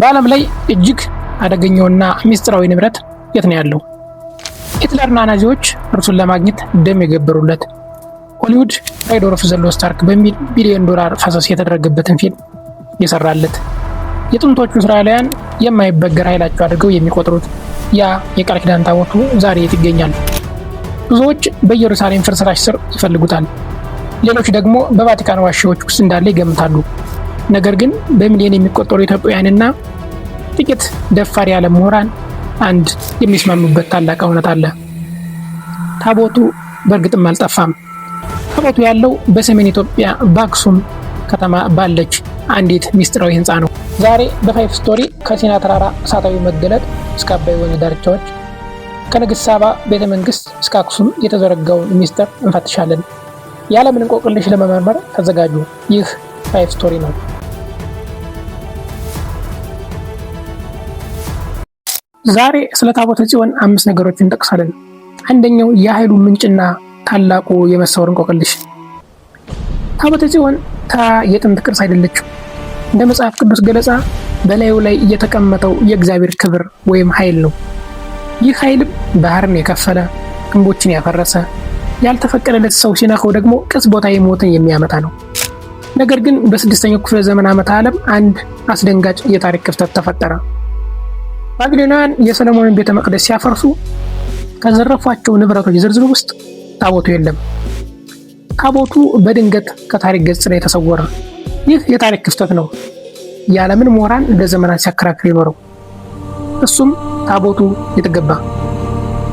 በዓለም ላይ እጅግ አደገኛውና ሚስጥራዊ ንብረት የት ነው ያለው? ሂትለርና ናዚዎች እርሱን ለማግኘት ደም የገበሩለት ሆሊውድ ራይዶር ዘሎ ስታርክ በሚል ቢሊዮን ዶላር ፈሰስ የተደረገበትን ፊልም የሰራለት የጥንቶቹ እስራኤላውያን የማይበገር ኃይላቸው አድርገው የሚቆጥሩት ያ የቃል ኪዳን ታቦቱ ዛሬ የት ይገኛል? ብዙዎች በኢየሩሳሌም ፍርስራሽ ስር ይፈልጉታል። ሌሎች ደግሞ በቫቲካን ዋሻዎች ውስጥ እንዳለ ይገምታሉ። ነገር ግን በሚሊዮን የሚቆጠሩ ኢትዮጵያውያንና ጥቂት ደፋር ያለ ምሁራን አንድ የሚስማሙበት ታላቅ እውነት አለ። ታቦቱ በእርግጥም አልጠፋም። ታቦቱ ያለው በሰሜን ኢትዮጵያ በአክሱም ከተማ ባለች አንዲት ሚስጥራዊ ህንፃ ነው። ዛሬ በፋይፍ ስቶሪ ከሲና ተራራ እሳታዊ መገለጥ እስከ አባይ ወንዝ ዳርቻዎች ከንግሥት ሳባ ቤተ መንግስት እስከ አክሱም የተዘረጋውን ሚስጥር እንፈትሻለን። ያለምንም እንቆቅልሽ ለመመርመር ተዘጋጁ። ይህ ፋይፍ ስቶሪ ነው። ዛሬ ስለ ታቦተ ጽዮን አምስት ነገሮችን እንጠቅሳለን። አንደኛው የኃይሉ ምንጭና ታላቁ የመሰወር እንቆቅልሽ። ታቦተ ጽዮን ተራ የጥንት ቅርስ አይደለችው። እንደ መጽሐፍ ቅዱስ ገለጻ በላዩ ላይ የተቀመጠው የእግዚአብሔር ክብር ወይም ኃይል ነው። ይህ ኃይልም ባህርን የከፈለ ግንቦችን ያፈረሰ ያልተፈቀደለት ሰው ሲነካው ደግሞ ቦታ የሞትን የሚያመጣ ነው። ነገር ግን በስድስተኛው ክፍለ ዘመን ዓመተ ዓለም አንድ አስደንጋጭ የታሪክ ክፍተት ተፈጠረ። ባቢሎናውያን የሰለሞንን ቤተ መቅደስ ሲያፈርሱ ከዘረፏቸው ንብረቶች ዝርዝር ውስጥ ታቦቱ የለም። ታቦቱ በድንገት ከታሪክ ገጽ ላይ ተሰወረ። ይህ የታሪክ ክፍተት ነው፣ የዓለምን ምሁራን ለዘመናት ሲያከራክር የኖረው። እሱም ታቦቱ የተገባ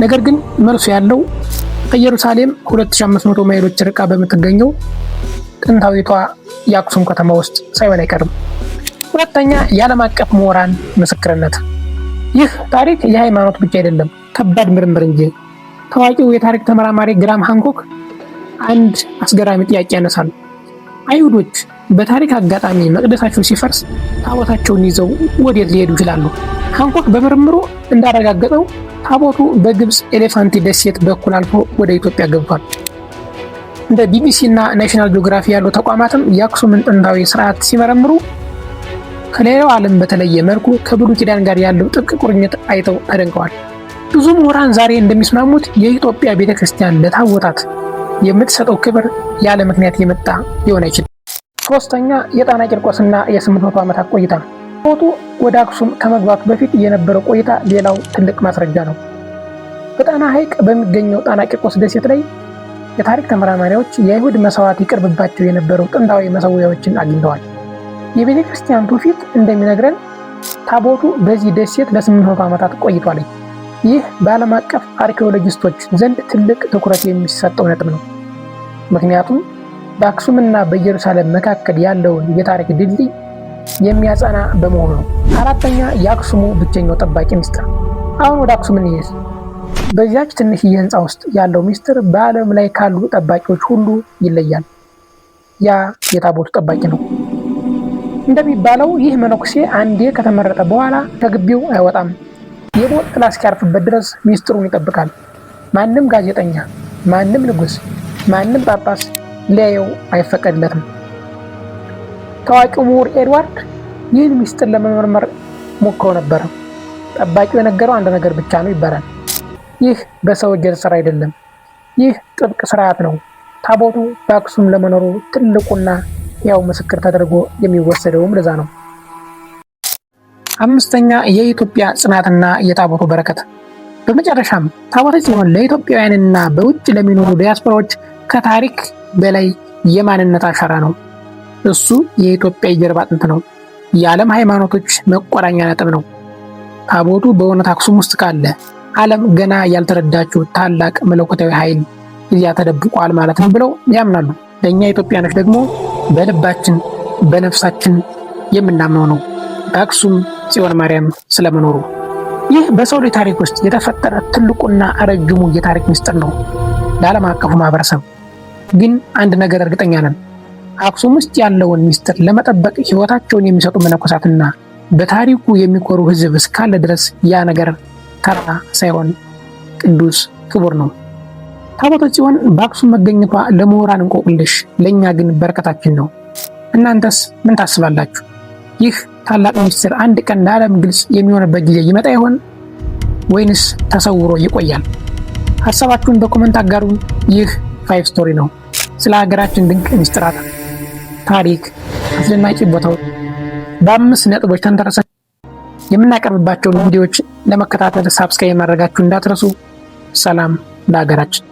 ነገር ግን መልሱ ያለው ከኢየሩሳሌም 2500 ማይሎች ርቃ በምትገኘው ጥንታዊቷ የአክሱም ከተማ ውስጥ ሳይሆን አይቀርም። ሁለተኛ፣ የዓለም አቀፍ ምሁራን ምስክርነት ይህ ታሪክ የሃይማኖት ብቻ አይደለም፣ ከባድ ምርምር እንጂ። ታዋቂው የታሪክ ተመራማሪ ግራም ሃንኮክ አንድ አስገራሚ ጥያቄ ያነሳል። አይሁዶች በታሪክ አጋጣሚ መቅደሳቸው ሲፈርስ ታቦታቸውን ይዘው ወዴት ሊሄዱ ይችላሉ? ሃንኮክ በምርምሩ እንዳረጋገጠው ታቦቱ በግብፅ ኤሌፋንቲ ደሴት በኩል አልፎ ወደ ኢትዮጵያ ገብቷል። እንደ ቢቢሲ እና ናሽናል ጂኦግራፊ ያሉ ተቋማትም የአክሱምን ጥንታዊ ስርዓት ሲመረምሩ ከሌላው ዓለም በተለየ መልኩ ከብሉይ ኪዳን ጋር ያለው ጥብቅ ቁርኝት አይተው አደንቀዋል። ብዙ ምሁራን ዛሬ እንደሚስማሙት የኢትዮጵያ ቤተ ክርስቲያን ለታቦታት የምትሰጠው ክብር ያለ ምክንያት የመጣ ሊሆን አይችልም። ሶስተኛ የጣና ቂርቆስና የስምንት መቶ ዓመታት ቆይታ ነው። ወደ አክሱም ከመግባቱ በፊት የነበረው ቆይታ ሌላው ትልቅ ማስረጃ ነው። በጣና ሐይቅ በሚገኘው ጣና ቂርቆስ ደሴት ላይ የታሪክ ተመራማሪዎች የአይሁድ መሰዋዕት ይቀርብባቸው የነበረው ጥንታዊ መሰዊያዎችን አግኝተዋል። የቤተ ክርስቲያን ትውፊት እንደሚነግረን ታቦቱ በዚህ ደሴት ለ800 ዓመታት ቆይቷል። ይህ በዓለም አቀፍ አርኪኦሎጂስቶች ዘንድ ትልቅ ትኩረት የሚሰጠው ነጥብ ነው። ምክንያቱም በአክሱምና በኢየሩሳሌም መካከል ያለውን የታሪክ ድልድይ የሚያጸና በመሆኑ ነው። አራተኛ የአክሱሙ ብቸኛው ጠባቂ ሚስጥር። አሁን ወደ አክሱም እንሄድ። በዚያች ትንሽዬ ሕንፃ ውስጥ ያለው ሚስጥር በዓለም ላይ ካሉ ጠባቂዎች ሁሉ ይለያል። ያ የታቦቱ ጠባቂ ነው። እንደሚባለው ይህ መነኩሴ አንዴ ከተመረጠ በኋላ ከግቢው አይወጣም። የሞት ጥላ እስኪያርፍበት ድረስ ሚስጥሩን ይጠብቃል። ማንም ጋዜጠኛ፣ ማንም ንጉሥ፣ ማንም ጳጳስ ሊያየው አይፈቀድለትም። ታዋቂው ምሁር ኤድዋርድ ይህን ሚስጥር ለመመርመር ሞክሮ ነበረ። ጠባቂው የነገረው አንድ ነገር ብቻ ነው ይባላል። ይህ በሰው እጅ ስራ አይደለም። ይህ ጥብቅ ስርዓት ነው። ታቦቱ በአክሱም ለመኖሩ ትልቁና ያው ምስክር ተደርጎ የሚወሰደውም ለዛ ነው። አምስተኛ የኢትዮጵያ ጽናትና የታቦቱ በረከት። በመጨረሻም ታቦተ ጽዮን ለኢትዮጵያውያንና በውጭ ለሚኖሩ ዲያስፖራዎች ከታሪክ በላይ የማንነት አሻራ ነው። እሱ የኢትዮጵያ የጀርባ አጥንት ነው። የዓለም ሃይማኖቶች መቆራኛ ነጥብ ነው። ታቦቱ በእውነት አክሱም ውስጥ ካለ ዓለም ገና ያልተረዳችው ታላቅ መለኮታዊ ኃይል እዚያ ተደብቋል ማለት ነው ብለው ያምናሉ። ለእኛ ኢትዮጵያኖች ደግሞ በልባችን በነፍሳችን የምናምነው ነው በአክሱም ጽዮን ማርያም ስለመኖሩ። ይህ በሰው ልጅ ታሪክ ውስጥ የተፈጠረ ትልቁና ረጅሙ የታሪክ ምስጢር ነው ለዓለም አቀፉ ማህበረሰብ። ግን አንድ ነገር እርግጠኛ ነን፣ አክሱም ውስጥ ያለውን ምስጢር ለመጠበቅ ህይወታቸውን የሚሰጡ መነኮሳትና በታሪኩ የሚኮሩ ህዝብ እስካለ ድረስ ያ ነገር ተራ ሳይሆን ቅዱስ ክቡር ነው። ታቦተ ጽዮን በአክሱም መገኘቷ ለምሁራን እንቆቅልሽ፣ ለእኛ ግን በረከታችን ነው። እናንተስ ምን ታስባላችሁ? ይህ ታላቅ ምስጢር አንድ ቀን ለዓለም ግልጽ የሚሆንበት ጊዜ ይመጣ ይሆን ወይንስ ተሰውሮ ይቆያል? ሀሳባችሁን በኮመንት አጋሩን። ይህ ፋይቭ ስቶሪ ነው። ስለ ሀገራችን ድንቅ ምስጢራት፣ ታሪክ፣ አስደናቂ ቦታዎች በአምስት ነጥቦች ተንተረሰ የምናቀርብባቸውን ቪዲዮዎች ለመከታተል ሳብስክራይብ ማድረጋችሁ እንዳትረሱ። ሰላም ለሀገራችን።